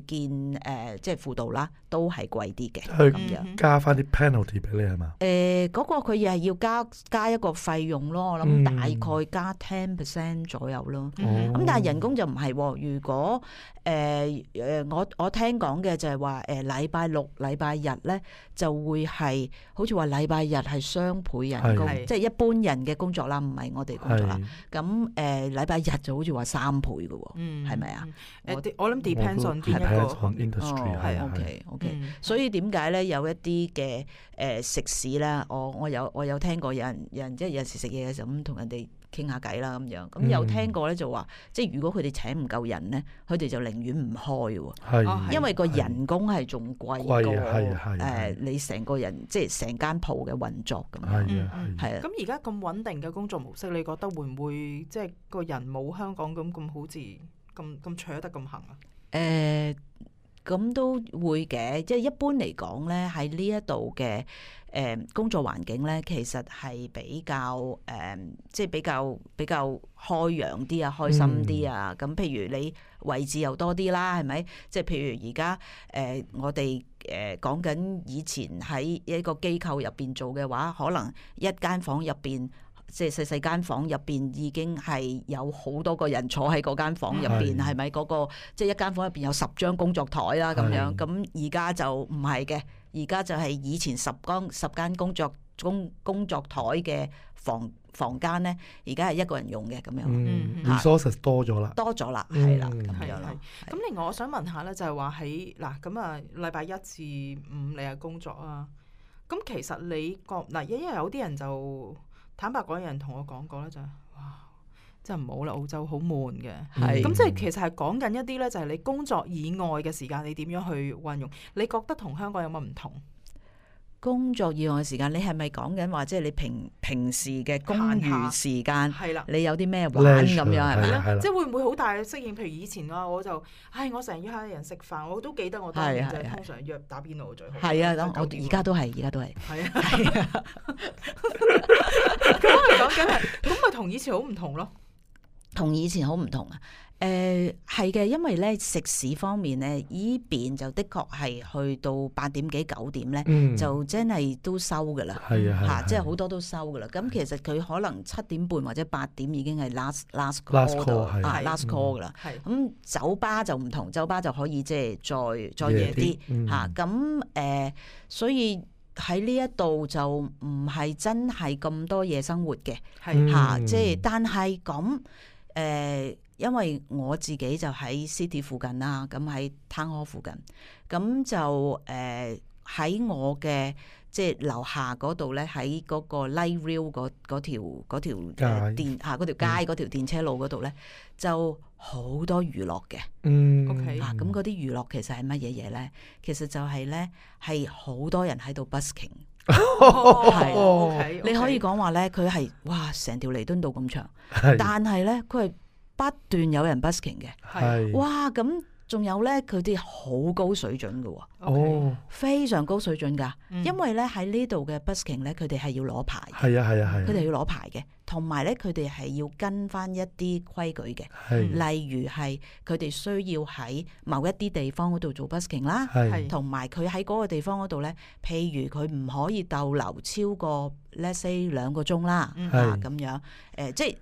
見誒即係輔導啦，都係貴啲嘅。係咁去 樣加翻啲 penalty 俾你係嘛？誒，嗰、呃那個佢又係要加加一個費用咯。我諗大概加、嗯。加十 percent 左右咯，咁但係人工就唔係。如果誒誒，我我聽講嘅就係話，誒禮拜六禮拜日咧就會係好似話禮拜日係雙倍人工，即係一般人嘅工作啦，唔係我哋工作啦。咁誒禮拜日就好似話三倍嘅，係咪啊？我啲我諗 depends on 一個 industry 係啊。O K O K，所以點解咧有一啲嘅誒食肆咧，我我有我有聽過有人人即係有時食嘢嘅時候咁同人哋。傾下偈啦咁樣，咁有聽過咧就話，即係如果佢哋請唔夠人咧，佢哋就寧願唔開喎，是因為個人工係仲貴過誒，哎、你成個人即係成間鋪嘅運作咁。係啊係啊，咁而家咁穩定嘅工作模式，你覺得會唔會即係個人冇香港咁咁好似，咁咁搶得咁行啊？誒、呃。咁都會嘅，即係一般嚟講咧，喺呢一度嘅誒工作環境咧，其實係比較誒，即、呃、係、就是、比較比較開揚啲啊，開心啲啊。咁、嗯、譬如你位置又多啲啦，係咪？即係譬如而家誒，我哋誒講緊以前喺一個機構入邊做嘅話，可能一間房入邊。即係細細間房入邊已經係有好多個人坐喺嗰間房入邊，係咪嗰個即係、就是、一間房入邊有十張工作台啦？咁樣咁而家就唔係嘅，而家就係以前十間十間工作工工作台嘅房房間咧，而家係一個人用嘅咁樣。嗯 resources 多咗啦，多咗了啦，係啦、嗯，咁樣啦。咁另外我想問下咧，就係話喺嗱咁啊，禮拜一至五你係工作啊，咁其實你覺嗱，因為有啲人就。坦白講，有人同我講過咧，就哇真係唔好啦，澳洲好悶嘅。咁的的即係其實係講緊一啲咧，就係你工作以外嘅時間，你點樣去運用？你覺得同香港有乜唔同？工作以外嘅時間，你係咪講緊話即係你平平時嘅公餘時間？係啦，嗯、你有啲咩玩，咁樣係咪即係會唔會好大嘅適應？譬如以前啊、哎，我就唉，我成日約人食飯，我都記得我大家就係、的通常約打邊爐最好。係啊的，咁我而家都係，而家都係。係啊的，咁我講緊係，咁咪同以前好唔同咯？同以前好唔同啊！誒，係嘅，因為咧，食肆方面咧，依邊就的確係去到八點幾九點咧，就真係都收噶啦，吓，即係好多都收噶啦。咁其實佢可能七點半或者八點已經係 last last call 啦，last call 噶啦。咁酒吧就唔同，酒吧就可以即係再再夜啲，吓咁誒，所以喺呢一度就唔係真係咁多夜生活嘅，係吓，即係但係咁誒。因為我自己就喺 City 附近啦，咁喺 Town Hall 附近，咁就誒喺、呃、我嘅即係樓下嗰度咧，喺嗰個 Light Rail 嗰條街嗰條,條電車路嗰度咧，就好多娛樂嘅。嗯，OK，咁嗰啲娛樂其實係乜嘢嘢咧？其實就係咧係好多人喺度 busking。你可以講話咧，佢係哇成條彌敦道咁長，但係咧佢係。不斷有人 busking 嘅，係的，哇咁仲有咧，佢啲好高水準㗎喎，哦 Okay. 非常高水準噶，嗯、因為咧喺呢度嘅 busking 咧，佢哋係要攞牌，係啊係啊係，佢哋要攞牌嘅。同埋咧，佢哋係要跟翻一啲規矩嘅，是的 例如係佢哋需要喺某一啲地方嗰度做 busking 啦，同埋佢喺嗰個地方嗰度咧，譬如佢唔可以逗留超過 let's say 兩個鐘啦，嚇咁樣，誒、呃、即係嗰、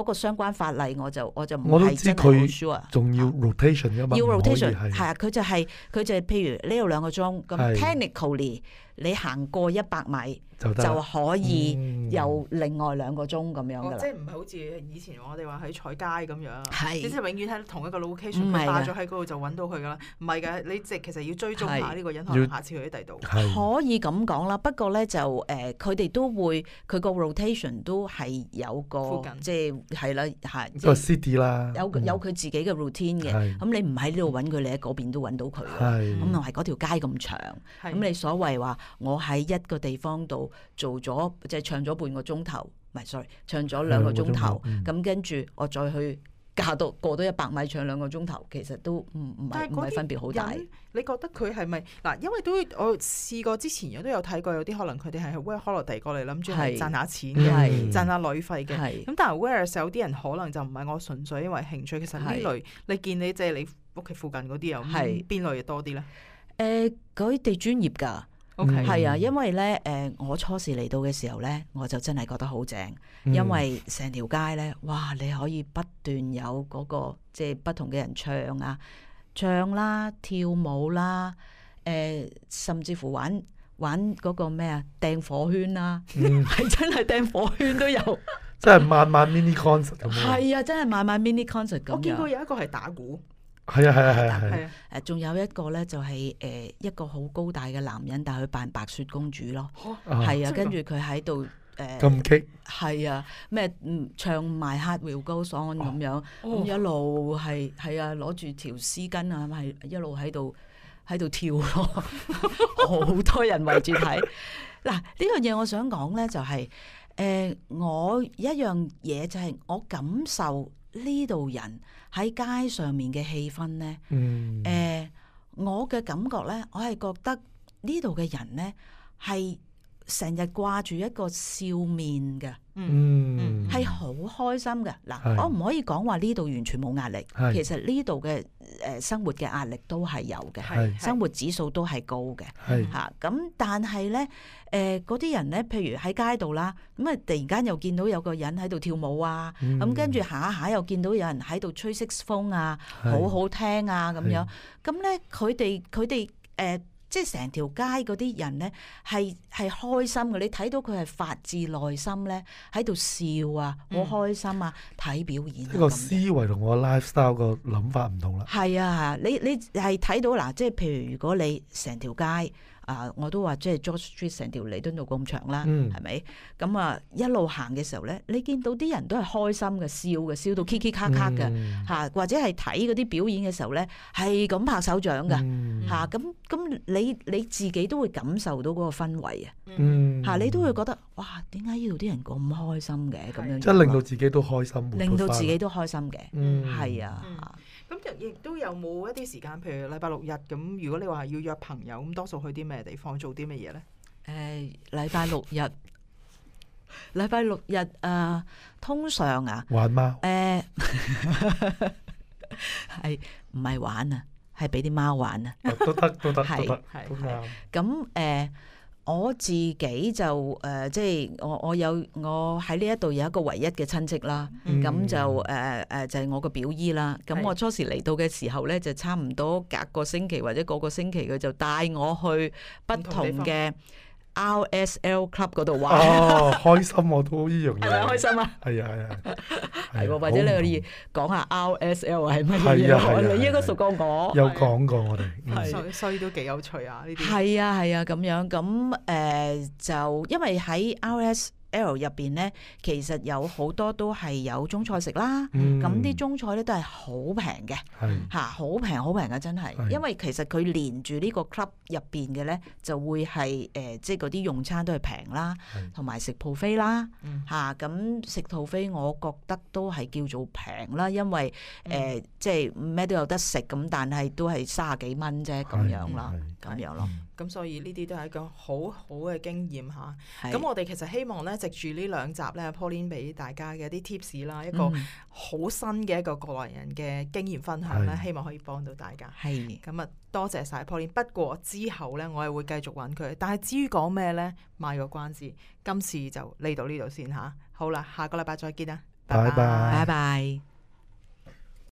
嗰個相關法例我，我就我就唔係即係佢啊，仲要 rotation 噶嘛，要 rotation 係啊，佢就係佢就係譬如呢度兩個鐘咁 technically。你行過一百米就可以有另外兩個鐘咁樣噶啦，即係唔係好似以前我哋話喺彩街咁樣？係，即係永遠喺同一個 location，佢霸咗喺嗰度就揾到佢噶啦。唔係嘅，你即其實要追蹤下呢個銀行，下次去喺第度。可以咁講啦，不過咧就誒，佢哋都會佢個 rotation 都係有個，即係係啦，係。個 city 啦，有有佢自己嘅 routine 嘅，咁你唔喺呢度揾佢，你喺嗰邊都揾到佢嘅。咁同埋嗰條街咁長，咁你所謂話。我喺一個地方度做咗即係唱咗半個鐘頭，唔係 sorry，唱咗兩個鐘頭。咁跟住我再去教到過多一百米唱兩個鐘頭，其實都唔唔係分別好大。你覺得佢係咪嗱？因為都我試過之前，我都有睇過有啲可能佢哋係去 working holiday 過嚟諗住係賺下錢嘅，賺下旅費嘅。咁但係 working holiday 有啲人可能就唔係我純粹因為興趣。其實呢類你見你即係你屋企附近嗰啲又邊邊類嘢多啲咧？誒，佢哋專業噶。係 Okay. 啊，因為咧，誒、呃，我初時嚟到嘅時候咧，我就真係覺得好正，嗯、因為成條街咧，哇，你可以不斷有嗰、那個即係不同嘅人唱啊、唱啦、啊、跳舞啦、啊，誒、呃，甚至乎玩玩嗰個咩啊，掟火圈啦、啊，係、嗯、 真係掟火圈都有， 真係萬萬 mini concert 咁，係啊，真係萬萬 mini concert 咁。我見過有一個係打鼓。係啊係啊係啊，誒、嗯，仲有一個咧就係、是、誒、呃、一個好高大嘅男人，但佢扮白雪公主咯，係、哦、啊，跟住佢喺度誒，咁激係啊，咩唱 My Heart Will Go On 咁樣，咁、哦哦嗯、一路係係啊，攞住條絲巾啊，係一路喺度喺度跳咯，好 多人圍住睇。嗱呢樣嘢我想講咧就係、是，誒、呃、我一樣嘢就係我感受。呢度人喺街上面嘅氣氛咧，誒、嗯呃，我嘅感覺咧，我係覺得呢度嘅人咧係。成日掛住一個笑面嘅，係好、嗯嗯、開心嘅。嗱寫歌，我唔可以講話呢度完全冇壓力。是其實呢度嘅誒生活嘅壓力都係有嘅，是生活指數都係高嘅。吓咁，嗯、但係咧，誒嗰啲人咧，譬如喺街度啦，咁啊突然間又見到有個人喺度跳舞啊，咁跟住下下又見到有人喺度吹色士風啊，好是好聽啊，咁樣。咁咧，佢哋佢哋誒。即係成條街嗰啲人咧，係係開心嘅。你睇到佢係發自內心咧喺度笑啊，好開心啊，睇、嗯、表演、啊。呢個思維同我 lifestyle 個諗法唔同啦。係啊，你你係睇到嗱，即係譬如如果你成條街。啊！我都話即係 George Street 成條彌敦道咁長啦，係咪、嗯？咁啊、嗯、一路行嘅時候咧，你見到啲人都係開心嘅笑嘅，笑到咔咔嘅嚇，或者係睇嗰啲表演嘅時候咧，係咁拍手掌嘅嚇。咁咁、嗯啊、你你自己都會感受到嗰個氛圍、嗯、啊嚇，你都會覺得哇，點解依度啲人咁開心嘅咁樣？即係、嗯、令到自己都開心，令到自己都開心嘅，係、嗯嗯、啊。咁就亦都有冇一啲時間，譬如禮拜六日咁。如果你話要約朋友，咁多數去啲咩地方做啲乜嘢咧？誒，禮拜六日，禮拜六日啊，通常啊，玩貓誒，係唔係玩啊？係俾啲貓玩啊，都得都得都得，係係咁誒。我自己就誒、呃，即係我我有我喺呢一度有一個唯一嘅親戚啦，咁、嗯、就誒誒、呃呃、就係、是、我個表姨啦。咁我初時嚟到嘅時候咧，的就差唔多隔個星期或者個個星期佢就帶我去不同嘅。RSL club 嗰度玩，哦，開心我都呢樣嘢，係咪開心啊？係啊係啊，係或者你可以講下 RSL 係乜嘢？你應該熟過我，有講過我哋，所所以都幾有趣啊呢啲。係啊係啊咁樣，咁誒就因為喺 RSL。L 入邊咧，其實有好多都係有中菜食啦。咁啲、嗯、中菜咧都係好平嘅，嚇好平好平嘅真係。是因為其實佢連住呢個 club 入邊嘅咧，就會係誒、呃、即係嗰啲用餐都係平啦，同埋是食 buffet 啦嚇。咁、嗯啊、食 buffet 我覺得都係叫做平啦，因為誒、呃嗯、即係咩都有得食咁，但係都係三十幾蚊啫咁樣啦。咁有咯，咁、嗯、所以呢啲都係一個好好嘅經驗吓。咁、嗯、我哋其實希望咧，藉住呢兩集咧，Pauline 俾大家嘅一啲 tips 啦，嗯、一個好新嘅一個過來人嘅經驗分享咧，嗯、希望可以幫到大家。係、嗯，咁啊多謝晒 Pauline。不過之後咧，我係會繼續揾佢。但係至於講咩咧，賣個關子。今次就嚟到呢度先吓。好啦，下個禮拜再見啊！拜拜拜拜。拜拜拜拜